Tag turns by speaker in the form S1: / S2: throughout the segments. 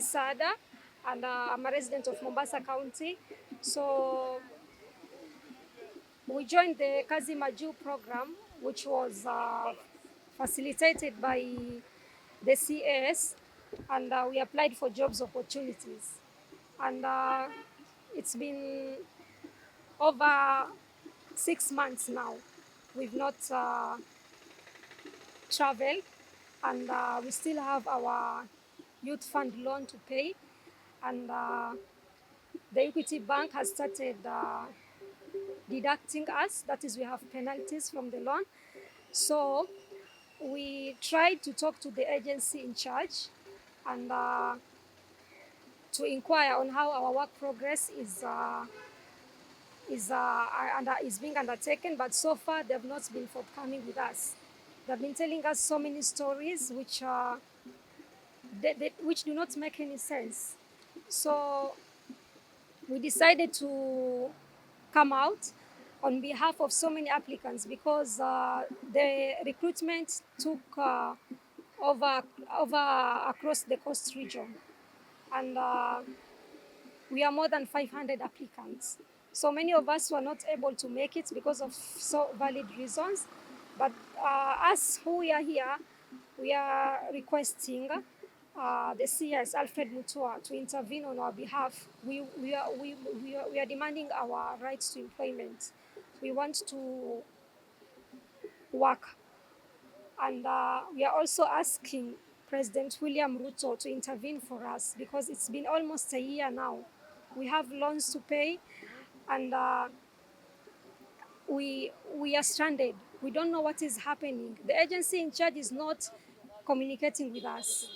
S1: is Sada, and uh, I'm a resident of Mombasa County. So we joined the Kazi Maju program, which was uh, facilitated by the CAS, and uh, we applied for jobs opportunities. And uh, it's been over six months now. We've not uh, traveled, and uh, we still have our youth fund loan to pay. And uh, the Equity Bank has started uh, deducting us, that is, we have penalties from the loan. So we tried to talk to the agency in charge and uh, to inquire on how our work progress is. Uh, is, uh, under, is being undertaken, but so far they've not been forthcoming with us. They've been telling us so many stories which are which do not make any sense. So we decided to come out on behalf of so many applicants because uh, the recruitment took uh, over, over across the coast region. And uh, we are more than 500 applicants. So many of us were not able to make it because of so valid reasons. But uh, us who are here, we are requesting uh, the CS Alfred Mutua to intervene on our behalf. We, we, are, we, we, are, we are demanding our rights to employment. We want to work. And uh, we are also asking President William Ruto to intervene for us because it's been almost a year now. We have loans to pay and uh, we, we are stranded. We don't know what is happening. The agency in charge is not communicating with us.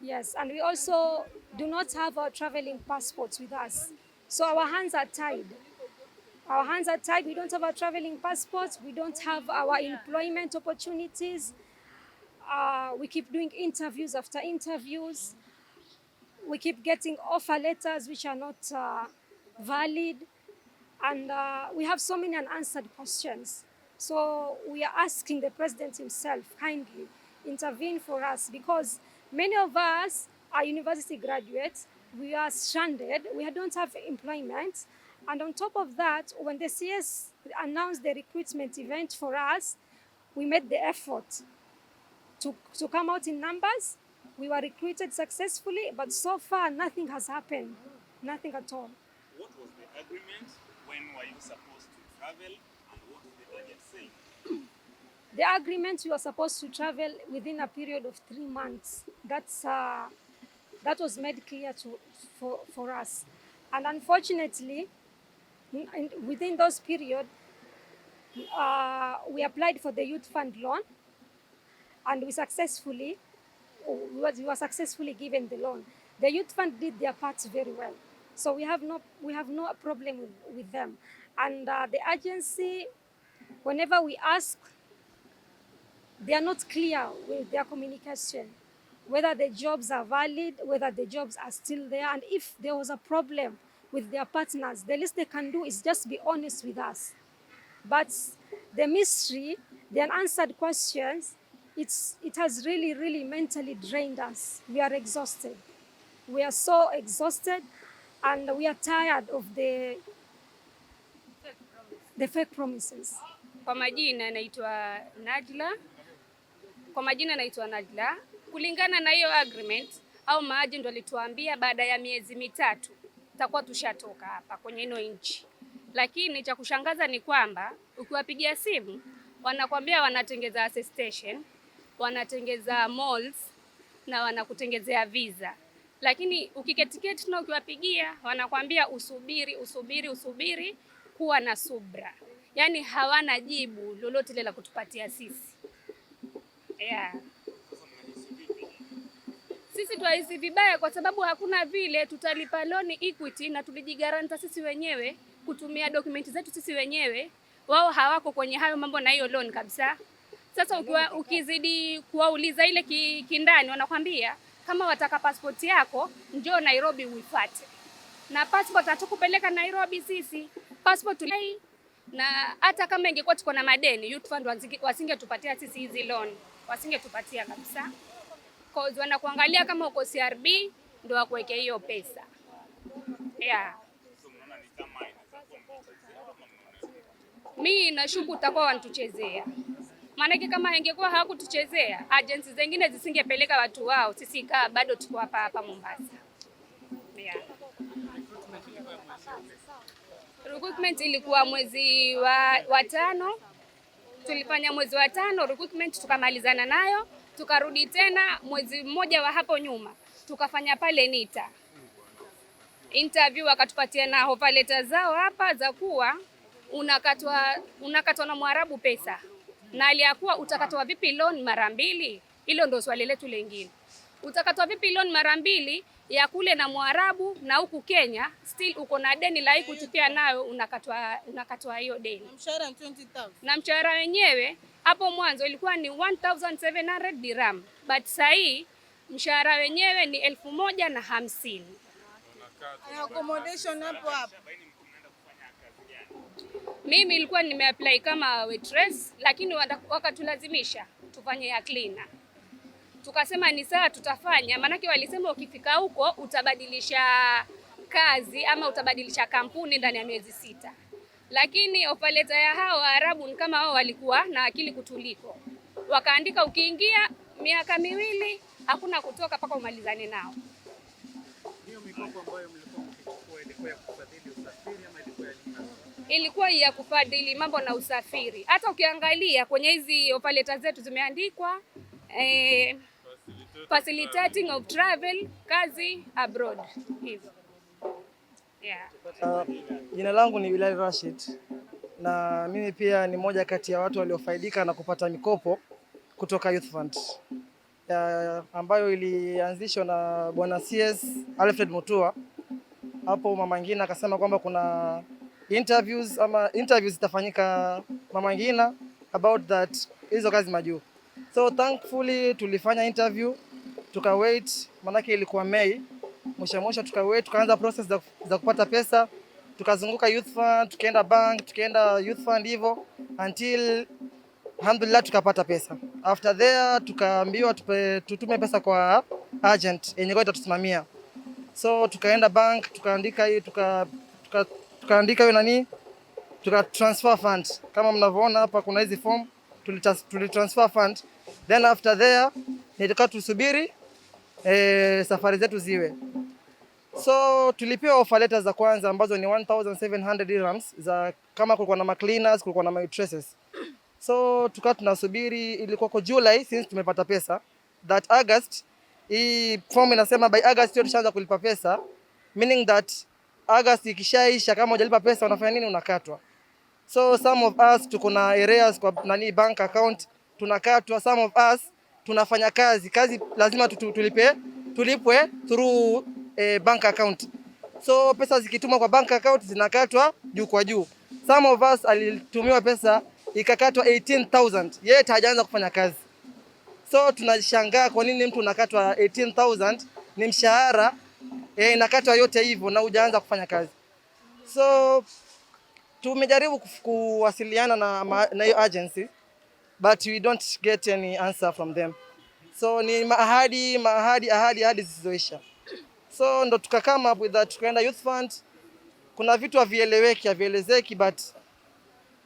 S1: Yes, and we also do not have our traveling passports with us. So our hands are tied. Our hands are tied. We don't have our traveling passports. We don't have our employment opportunities. Uh, we keep doing interviews after interviews. We keep getting offer letters which are not uh, valid. And uh, we have so many unanswered questions. So we are asking the president himself kindly intervene for us because Many of us are university graduates. We are stranded. We don't have employment. And on top of that, when the CS announced the recruitment event for us, we made the effort to, to come out in numbers. We were recruited successfully, but so far nothing has happened. Nothing at all.
S2: What was the agreement? When were you supposed to travel? And what did the budget say?
S1: The agreement you are supposed to travel within a period of three months. That's uh, that was made clear to for, for us. And unfortunately, within those period, uh, we applied for the youth fund loan and we successfully we were successfully given the loan. The youth fund did their parts very well. So we have no we have no problem with, with them. And uh, the agency, whenever we ask they are not clear with their communication, whether the jobs are valid, whether the jobs are still there, and if there was a problem with their partners, the least they can do is just be honest with us. But the mystery, the unanswered questions, it's, it has really, really mentally drained us. We are exhausted. We are so exhausted and we are tired of the, the fake promises. Kwa majina naitwa Najla kwa majina naitwa Najla. Kulingana na hiyo agreement au ndo alituambia baada ya miezi mitatu tutakuwa tushatoka hapa kwenye ino nchi, lakini cha kushangaza ni kwamba ukiwapigia simu wanakwambia wanatengeza station, wanatengeza malls na wanakutengezea visa, lakini ukiketiketi na ukiwapigia wanakwambia usubiri, usubiri, usubiri. Kuwa na subra, yaani hawana jibu lolote la kutupatia sisi. Sisi twahisi vibaya kwa sababu hakuna vile tutalipa loni Equity, na tulijigaranta sisi wenyewe kutumia dokumenti zetu sisi wenyewe, wao hawako kwenye hayo mambo na hiyo loan kabisa. Sasa ukiwa, ukizidi kuwauliza ile kindani, wanakwambia kama wataka pasipoti yako njoo Nairobi uifate, na pasipoti hatukupeleka Nairobi sisi pasipoti na hata kama ingekuwa tuko na madeni youth fund wasingetupatia sisi hizi loan, wasingetupatia kabisa, cause wanakuangalia kama uko
S3: CRB ndio wakuweke hiyo pesa yeah. Mi nashuku utakuwa wantuchezea, maanake kama ingekuwa hawakutuchezea agencies zingine zisingepeleka watu wao, sisi kaa bado tuko hapa hapa Mombasa yeah. Recruitment ilikuwa mwezi wa, wa tano tulifanya mwezi wa tano recruitment tukamalizana nayo, tukarudi tena mwezi mmoja wa hapo nyuma tukafanya pale NITA interview, akatupatia na offer letter zao hapa za kuwa unakatwa unakatwa na Mwarabu pesa na aliyakuwa utakatwa vipi loan mara mbili. Hilo ndio swali letu lingine, utakatwa vipi loan mara mbili ya kule na Mwarabu na huku Kenya still uko na deni la kuchukia nayo unakatwa unakatwa hiyo deni na mshahara wenyewe hapo mwanzo ilikuwa ni 1700 dirham but saa hii mshahara wenyewe ni elfu moja na hamsini. Accommodation hapo hapo. Mimi ilikuwa nimeapply kama waitress, lakini wakatulazimisha tufanye ya cleaner tukasema ni sawa, tutafanya. Maanake walisema ukifika huko utabadilisha kazi ama utabadilisha kampuni ndani ya miezi sita, lakini opaleta ya hao Waarabu ni kama wao walikuwa na akili kutuliko, wakaandika ukiingia miaka miwili hakuna kutoka mpaka umalizane nao. Hiyo mikopo ambayo mlikuwa mkichukua ilikuwa ya kufadhili usafiri ama ilikuwa ya ilikuwa ya kufadhili mambo na usafiri. Hata ukiangalia kwenye hizi opaleta zetu zimeandikwa eh, facilitating of travel, kazi abroad hivyo.
S4: Yeah. Uh, jina langu ni Bilal Rashid na mimi pia ni moja kati ya watu waliofaidika na kupata mikopo kutoka Youth Fund uh, ambayo ilianzishwa na Bwana CS Alfred Mutua. Hapo Mama Ngina akasema kwamba kuna interviews ama interviews zitafanyika Mama Ngina about that hizo kazi majuu So thankfully tulifanya interview tuka wait, manake ilikuwa Mei mwisho mwisho, tuka wait, tukaanza process za, za kupata pesa, tukazunguka youth fund, tukaenda bank, tukaenda youth fund hivyo until alhamdulillah tukapata pesa. After there tukaambiwa tutume pesa kwa agent yenye kwa itatusimamia, so tukaenda bank tukaandika hiyo tuka, tuka, tukaandika hiyo nani tuka transfer fund kama mnavyoona hapa kuna hizi form tulitransfer tuli fund then after there nitakuwa tusubiri e, safari zetu ziwe so tulipewa offer letters za kwanza ambazo ni 1700 dirhams za kama kulikuwa na cleaners, kulikuwa na mattresses. So tukawa tunasubiri, ilikuwa kwa July since tumepata pesa that August, hii form inasema by August hiyo tushaanza kulipa pesa, meaning that August ikishaisha kama hujalipa pesa unafanya nini? Unakatwa. So some of us tuko na areas kwa nani bank account tunakatwa, some of us tunafanya kazi kazi, lazima tulipe tulipwe through eh, bank account. So pesa zikitumwa kwa bank account zinakatwa juu kwa juu. Some of us alitumiwa pesa ikakatwa 18000 yeye hajaanza kufanya kazi, so tunashangaa kwa nini mtu unakatwa 18000 ni mshahara eh, inakatwa yote hivyo na hujaanza kufanya kazi. So tumejaribu kuwasiliana na na hiyo agency but we don't get any answer from them. So ni mahadi mahadi ahadi ahadi zisizoisha. So ndo tuka come up with that, tukaenda youth fund. Kuna vitu havieleweki havielezeki, but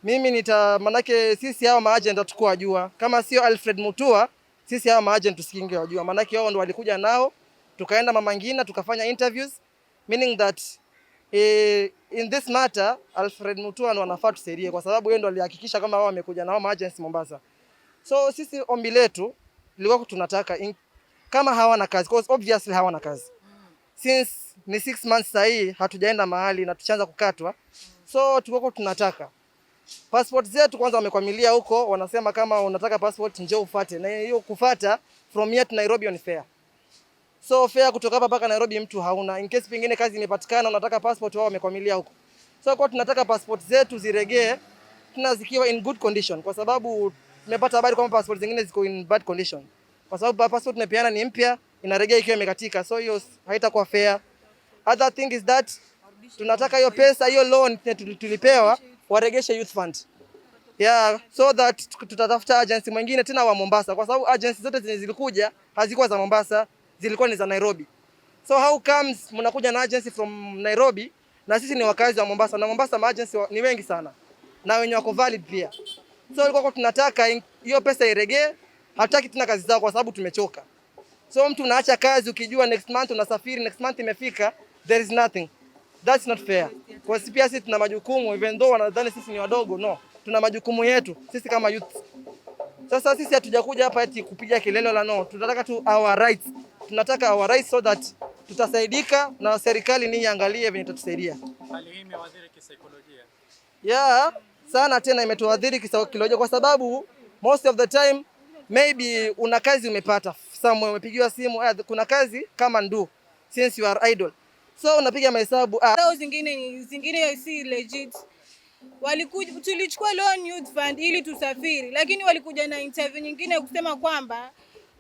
S4: mimi nita manake, sisi hawa maagent hatukuwa wajua, kama sio Alfred Mutua, sisi hawa maagent tusikinge wajua, manake wao ndo walikuja nao, tukaenda Mama Ngina tukafanya interviews meaning that eh, in this matter Alfred Mutua ndo anafaa tusaidie kwa sababu yeye ndo alihakikisha kama wao wamekuja na wao agency Mombasa. So sisi ombi letu lilikuwa tunataka in, kama hawana kazi because obviously hawana kazi. Since ni six months sasa hii hatujaenda mahali na tuchaanza kukatwa. So tuko tunataka passport zetu kwanza, wamekwamilia huko, wanasema kama unataka passport njoo ufate, na hiyo kufata from here to Nairobi on fair So fare kutoka hapa mpaka Nairobi mtu hauna. In case pingine kazi imepatikana unataka passport wao wamekwamilia huko. So kwa tunataka passport zetu ziregee tuna zikiwa in good condition kwa sababu tumepata habari kwamba passport zingine ziko in bad condition. Kwa sababu passport tunapeana ni mpya inaregea ikiwa imekatika. So hiyo haitakuwa fair. Other thing is that tunataka hiyo pesa hiyo loan tulipewa waregeshe youth fund. Yeah, so that tutatafuta agency mwingine tena wa Mombasa kwa sababu agency zote zilizokuja hazikuwa za Mombasa zilikuwa ni za Nairobi. So how comes mnakuja na agency from Nairobi na sisi ni wakazi wa Mombasa na Mombasa ma agency ni wengi sana na wenye wako valid pia. So ilikuwa tunataka hiyo pesa iregee, Hataki tena kazi zao kwa sababu tumechoka. So mtu unaacha kazi ukijua next month unasafiri, next month imefika, there is nothing. That's not fair. Kwa sisi pia sisi tuna majukumu even though wanadhani sisi ni wadogo, no. Tuna majukumu yetu sisi kama youth. Sasa sisi hatujakuja hapa eti kupiga kelele la no. Tunataka tu our rights tunataka our rights so that tutasaidika na serikali ni angalie venye tutasaidia. Hali hii imewadhiri kisaikolojia. Yeah, sana tena imetuadhiri kisaikolojia kwa sababu most of the time maybe una kazi umepata somewhere, umepigiwa simu eh, kuna kazi kama ndu since you are idle, so unapiga mahesabu
S3: ah. So, zingine zingine si legit Walikuja, tulichukua loan youth fund ili tusafiri, lakini walikuja na interview nyingine kusema kwamba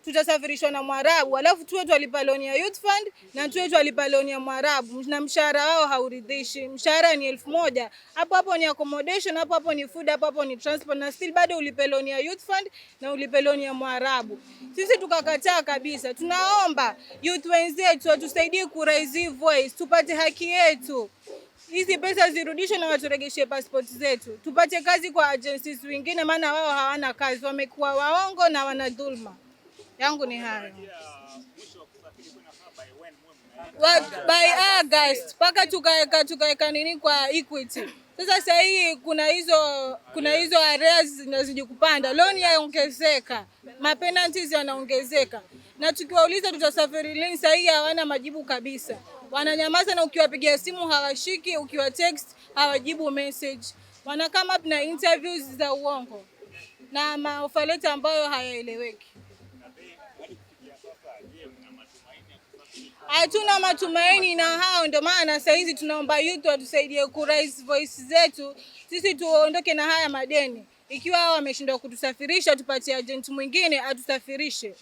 S3: tutasafirishwa na Mwarabu, alafu tuwe twalipa loan ya Youth Fund na tuwe twalipa loan ya Mwarabu, na mshahara wao hauridhishi. Mshahara ni elfu moja hapo hapo ni accommodation, hapo hapo ni food, hapo hapo ni transport, na still bado ulipe loan ya Youth Fund na ulipe loan ya Mwarabu. Sisi tukakataa kabisa. Tunaomba youth wenzetu watusaidie ku raise voice, tupate haki yetu hizi pesa zirudishwe na waturegeshe passport zetu, tupate kazi kwa agencies wengine, maana wao hawana kazi, wamekuwa waongo na wanadhulma yangu ni hayo by August mpaka tukaweka tukaweka nini kwa Equity. Sasa sasa hii kuna hizo kuna hizo areas zinazidi kupanda, loan yaongezeka, mapenalties yanaongezeka, na tukiwauliza tutasafiri lini, sasa hii hawana majibu kabisa, wananyamaza, na ukiwapigia simu hawashiki, ukiwa text hawajibu message, wana come up na interviews za uongo na maofa leta ambayo hayaeleweki hatuna matumaini na hao. Ndio maana saa hizi tunaomba yutu watusaidie raise voice zetu, sisi tuondoke na haya madeni. Ikiwa hao wameshindwa kutusafirisha, tupatie agent mwingine atusafirishe.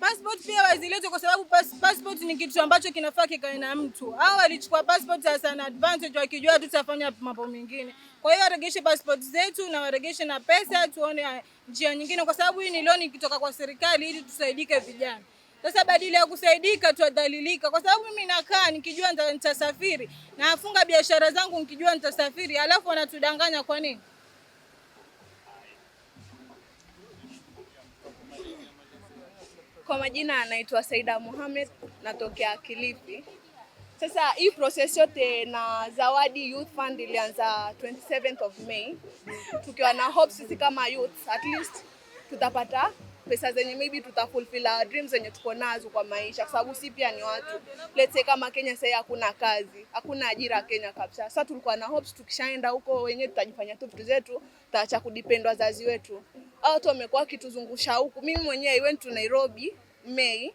S3: Passport pia wazilete, kwa sababu passport ni kitu ambacho kinafaa kikae na mtu. Hao walichukua passport as an advantage, wakijua tutafanya mambo mengine. Kwa hiyo waregeshe passport zetu na waregeshe na pesa, tuone njia nyingine, kwa sababu hii ni loan ikitoka kwa serikali ili tusaidike vijana. Sasa badala ya kusaidika tuadhalilika, kwa sababu mimi nakaa nikijua nitasafiri, afunga biashara zangu nikijua nitasafiri, alafu wanatudanganya. Kwa nini?
S5: Kwa majina anaitwa Saida Mohamed, natokea Kilifi. Sasa hii process yote na Zawadi Youth Fund ilianza 27th of May tukiwa na hope sisi kama youth at least tutapata pesa zenye maybe tutafulfill our dreams zenye tuko nazo kwa maisha, kwa sababu si pia ni watu let's say kama Kenya sasa hakuna kazi, hakuna ajira Kenya kabisa. Sasa tulikuwa na hopes tukishaenda huko wenyewe tutajifanya tu vitu zetu, tutaacha kudepend wazazi wetu. Hao watu wamekuwa kituzungusha huku. Mimi mwenyewe I went to Nairobi May,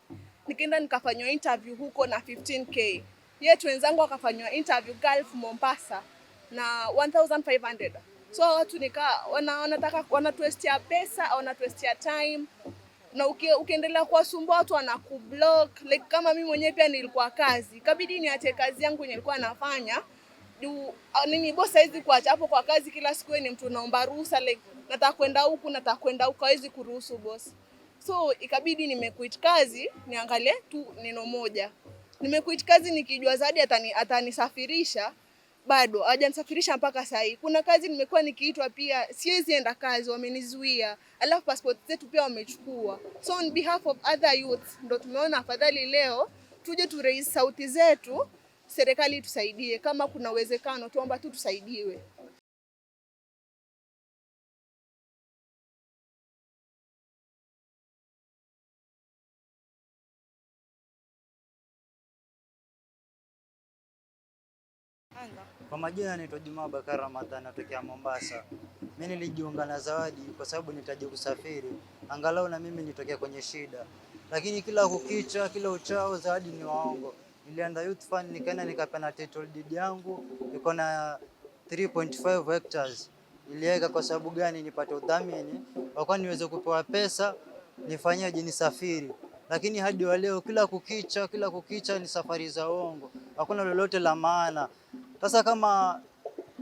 S5: nikaenda nikafanywa interview huko na 15k yetu wenzangu wakafanywa interview Gulf Mombasa na 1500 so watu nika wana, wanataka wanatuestia pesa, wanatuestia time na uki, ukiendelea kuwasumbua watu wanakublock. Like kama mimi mwenyewe pia nilikuwa kazi, kabidi niache kazi yangu yenye nilikuwa nafanya juu ah, nini, boss hawezi kuacha hapo kwa kazi. Kila siku ni mtu naomba ruhusa, like nataka kwenda huku, nataka kwenda huku, hawezi kuruhusu boss. So ikabidi nimekuit kazi niangalie tu neno moja Nimekuit kazi nikijua zaidi atani, atanisafirisha bado hajanisafirisha mpaka sasa Kuna kazi nimekuwa nikiitwa pia, siwezi enda kazi, wamenizuia, alafu passport zetu pia wamechukua. So on behalf of other youth ndo tumeona afadhali leo tuje tu raise sauti zetu, serikali tusaidie, kama kuna uwezekano tuomba tu tusaidiwe.
S6: Kwa majina anaitwa Juma Bakari Ramadhan, natokea Mombasa. Mimi nilijiunga na Zawadi kwa sababu nitaji kusafiri angalau na mimi nitokea kwenye shida, lakini kila kukicha, kila uchao, Zawadi ni waongo. Nilianda youth fund, nikaenda nikapana title deed yangu, iko na 3.5 hectares. Niliweka kwa sababu gani? Nipate udhamini wakwa niweze kupewa pesa nifanyaje, safiri, lakini hadi wa leo, kila kukicha, kila kukicha ni safari za uongo, hakuna lolote la maana. Sasa kama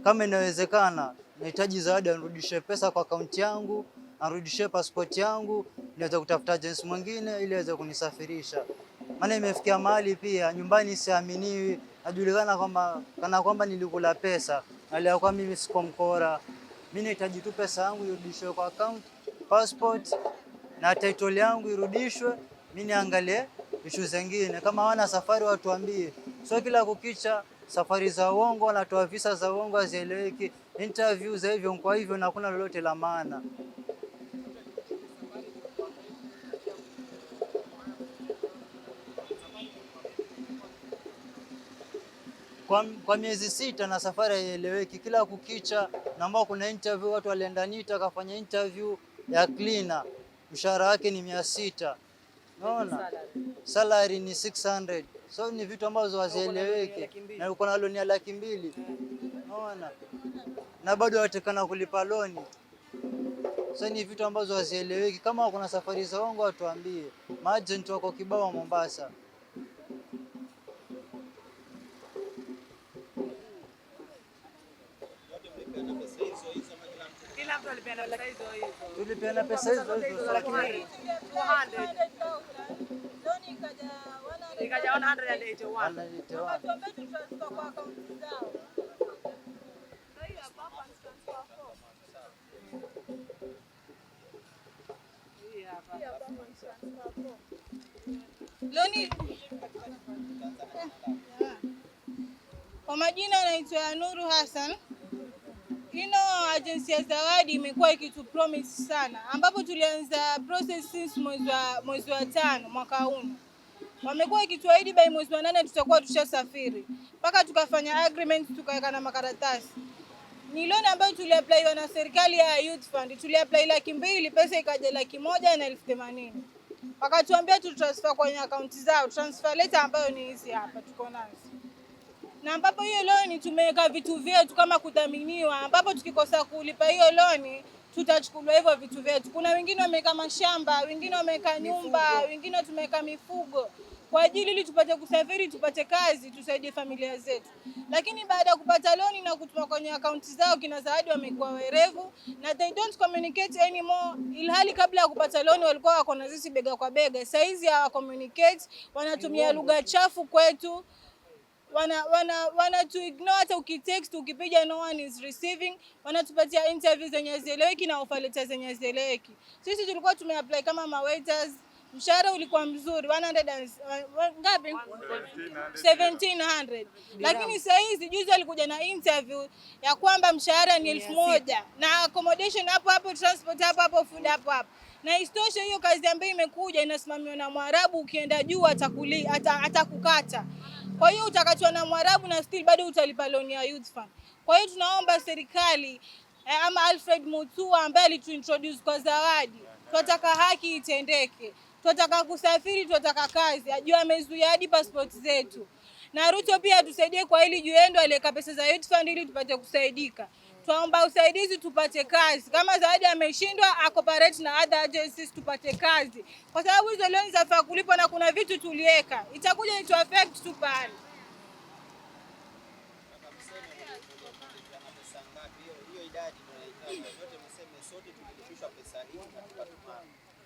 S6: kama inawezekana, nahitaji Zawadi anirudishie pesa kwa akaunti yangu, anirudishie pasipoti yangu, niweze kutafuta jinsi mwingine ili aweze kunisafirisha. Maana imefikia mahali pia nyumbani siaminiwi, najulikana kwamba kana kwamba nilikula pesa, hali kwa mimi siko mkora. Mimi nahitaji tu pesa yangu irudishwe kwa account, passport na title yangu irudishwe, mimi niangalie ishu zingine. Kama wana safari watuambie, sio kila kukicha safari za uongo, wanatoa visa za uongo, hazieleweki, interview za hivyo kwa hivyo, na hakuna lolote la maana. Kwa, kwa miezi sita na safari haieleweki, kila kukicha naambao kuna interview, watu walienda NITA akafanya interview ya cleaner, mshahara wake ni mia sita, naona salary ni 600 So ni vitu ambazo hazieleweki, na uko na loni ya laki mbili unaona, na bado watakana kulipa loni. So ni vitu ambazo hazieleweki. Kama kuna safari za uongo watuambie, majenti wako kibao Mombasa. Tulipiana pesa hizo hizo ikaja 181
S3: Kwa majina anaitwa Nuru Hassan. Ino agency ya zawadi imekuwa ikitu promise sana, ambapo tulianza process since mwezi wa tano mwaka huu wamekuwa ikituahidi by mwezi wa nane tutakuwa tushasafiri, mpaka tukafanya agreement tukaweka na makaratasi. Ni loan ambayo tuliaplaiwa na serikali ya Youth Fund, tuliaplai laki mbili, pesa ikaja laki moja na elfu themanini wakatuambia tu transfer kwenye akaunti zao, transfer letter ambayo ni hizi hapa tuko nazo, na ambapo hiyo loan tumeweka vitu vyetu kama kudhaminiwa, ambapo tukikosa kulipa hiyo loan tutachukuliwa hivyo vitu vyetu. Kuna wengine wameweka mashamba, wengine wameweka nyumba, wengine tumeweka mifugo kwa ajili ili tupate kusafiri, tupate kazi, tusaidie familia zetu. Lakini baada ya kupata loni na kutuma kwenye akaunti zao, kina Zawadi wamekuwa werevu na they don't communicate anymore, ilhali kabla ya kupata loni walikuwa wako na sisi bega kwa bega. Sasa hizi hawa communicate, wanatumia lugha chafu kwetu wana wana wana to ignore. Hata ukitext ukipiga, no one is receiving. Wanatupatia interview zenye zieleweki na ofaleta zenye zieleweki Sisi tulikuwa tumeapply kama ma waiters mshahara ulikuwa mzuri 100 uh, ngapi? 1700 lakini sasa hizi juzi alikuja na interview ya kwamba mshahara ni elfu moja na accommodation hapo hapo, transport hapo hapo, food hapo hapo na istosha hiyo kazi ambayo imekuja inasimamiwa na Mwarabu, ukienda juu atakukata. Kwa hiyo utakatwa na Mwarabu na still bado utalipa loan ya Youth Fund. Kwa hiyo tunaomba serikali eh, ama Alfred Mutua ambaye alituintroduce kwa zawadi, tunataka haki itendeke tunataka kusafiri, tunataka kazi, ajua amezuia hadi passport zetu. Na Ruto pia atusaidie kwa hili juu endo aliweka pesa za youth fund ili tupate kusaidika. Twaomba usaidizi tupate kazi, kama Zawadi ameshindwa acooperate na other agencies tupate kazi, kwa sababu hizo leo zafaa kulipwa na kuna vitu tuliweka itakuja itu affect tu pale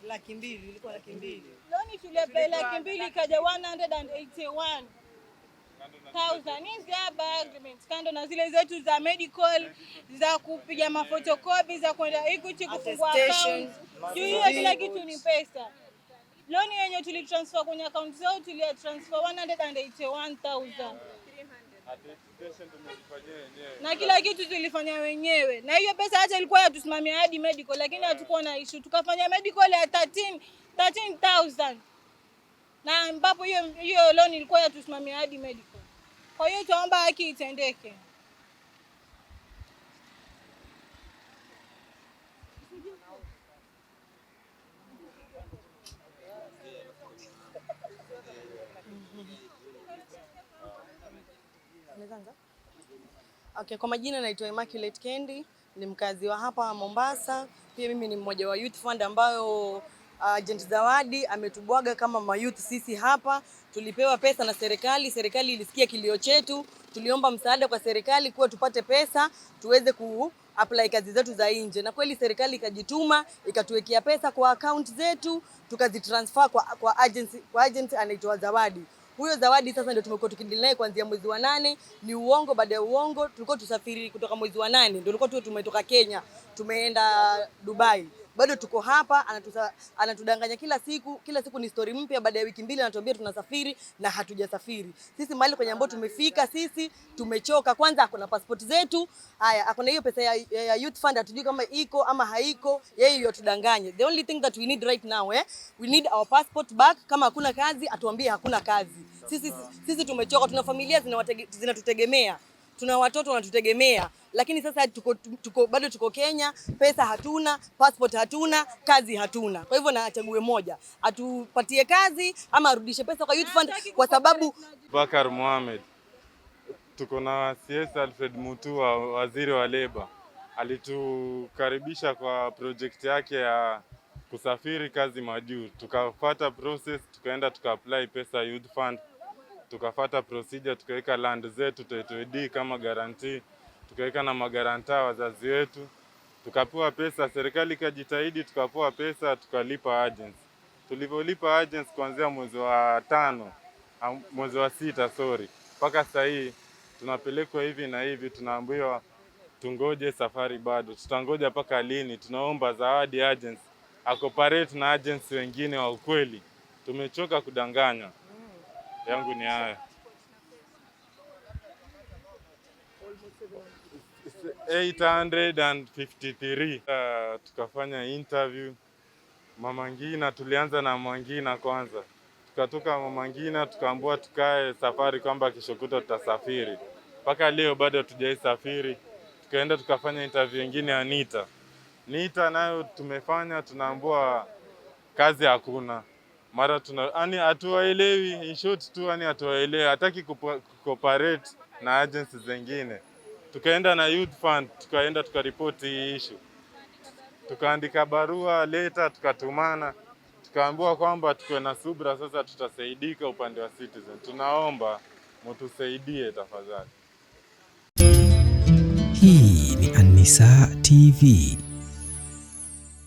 S3: laki mbili ilikuwa laki mbili loni tulipe laki mbili ikaja 181 kando na zile zetu za medical za kupiga mafotokopi za kwenda Equity kufungua account, juu hiyo kila kitu ni pesa. Loni yenye tulitransfer kwenye akaunti zao tulia transfer 181000 na kila kitu tulifanya wenyewe, na hiyo pesa hata ilikuwa yatusimamia hadi medical, lakini hatukuwa na issue, tukafanya medical ya 13 13000 na ambapo hiyo hiyo loan ilikuwa yatusimamia hadi medical. Kwa hiyo tuomba haki itendeke.
S7: Okay, kwa majina naitwa Immaculate Kendi, ni mkazi wa hapa Mombasa. Pia mimi ni mmoja wa Youth Fund ambayo uh, Agent uh, Zawadi ametubwaga kama mayouth. Sisi hapa tulipewa pesa na serikali, serikali ilisikia kilio chetu, tuliomba msaada kwa serikali kuwa tupate pesa tuweze ku apply kazi zetu za nje, na kweli serikali ikajituma ikatuwekea pesa kwa account zetu tukazitransfer kwa, kwa agency kwa agent anaitwa Zawadi. Huyo Zawadi sasa ndio tumekuwa tukiendelea naye kuanzia mwezi wa nane. Ni uongo baada ya uongo, tulikuwa tusafiri kutoka mwezi wa nane, ndio tulikuwa tumetoka Kenya tumeenda Dubai bado tuko hapa, anatusa, anatudanganya kila siku. Kila siku ni story mpya, baada ya wiki mbili anatuambia tunasafiri na hatujasafiri. Sisi mahali kwenye ambao tumefika sisi tumechoka. Kwanza akona passport zetu, haya akona hiyo pesa ya, ya youth fund, hatujui kama iko ama haiko, yeye yotudanganye. The only thing that we need right now eh, we need our passport back. Kama hakuna kazi atuambie hakuna kazi. Sisi, sisi tumechoka, tuna familia zinatutegemea tuna watoto wanatutegemea, lakini sasa tuko, tuko, bado tuko Kenya, pesa hatuna, passport hatuna, kazi hatuna. Kwa hivyo na achague moja, atupatie kazi ama arudishe pesa kwa youth fund, kwa sababu
S8: Bakar Mohamed tuko na CS Alfred Mutua, waziri wa leba, alitukaribisha kwa project yake ya kusafiri kazi majuu, tukafata process, tukaenda tukaapply pesa youth fund tukafata procedure, tukaweka land zetu title deed kama guarantee, tukaweka na magaranta wazazi wetu, tukapewa pesa, serikali ikajitahidi, tukapewa pesa, tukalipa agents. Tulivyolipa agents kuanzia mwezi wa tano, mwezi wa sita sorry, mpaka sasa hii tunapelekwa hivi na hivi, tunaambiwa tungoje, safari bado tutangoja mpaka lini? Tunaomba zawadi agents akoparate na agents wengine wa ukweli, tumechoka kudanganywa yangu ni haya eight Uh, tukafanya interview Mama Ngina, tulianza na Mama Ngina kwanza, tukatoka Mama Ngina tukaambua tukae safari kwamba kishokuto tutasafiri. Mpaka leo bado hatujaisafiri. Tukaenda tukafanya interview nyingine ya Nita. Nita nayo tumefanya, tunaambua kazi hakuna mara tuna yani hatuwaelewi, in short tu yani hatuwaelewi, hataki kucooperate na agencies zingine. Tukaenda na Youth Fund, tukaenda tukaripoti hii issue, tukaandika barua leta, tukatumana, tukaambiwa kwamba tuko na subra sasa, tutasaidika upande wa Citizen, tunaomba mtusaidie tafadhali. Hii ni Anisa TV.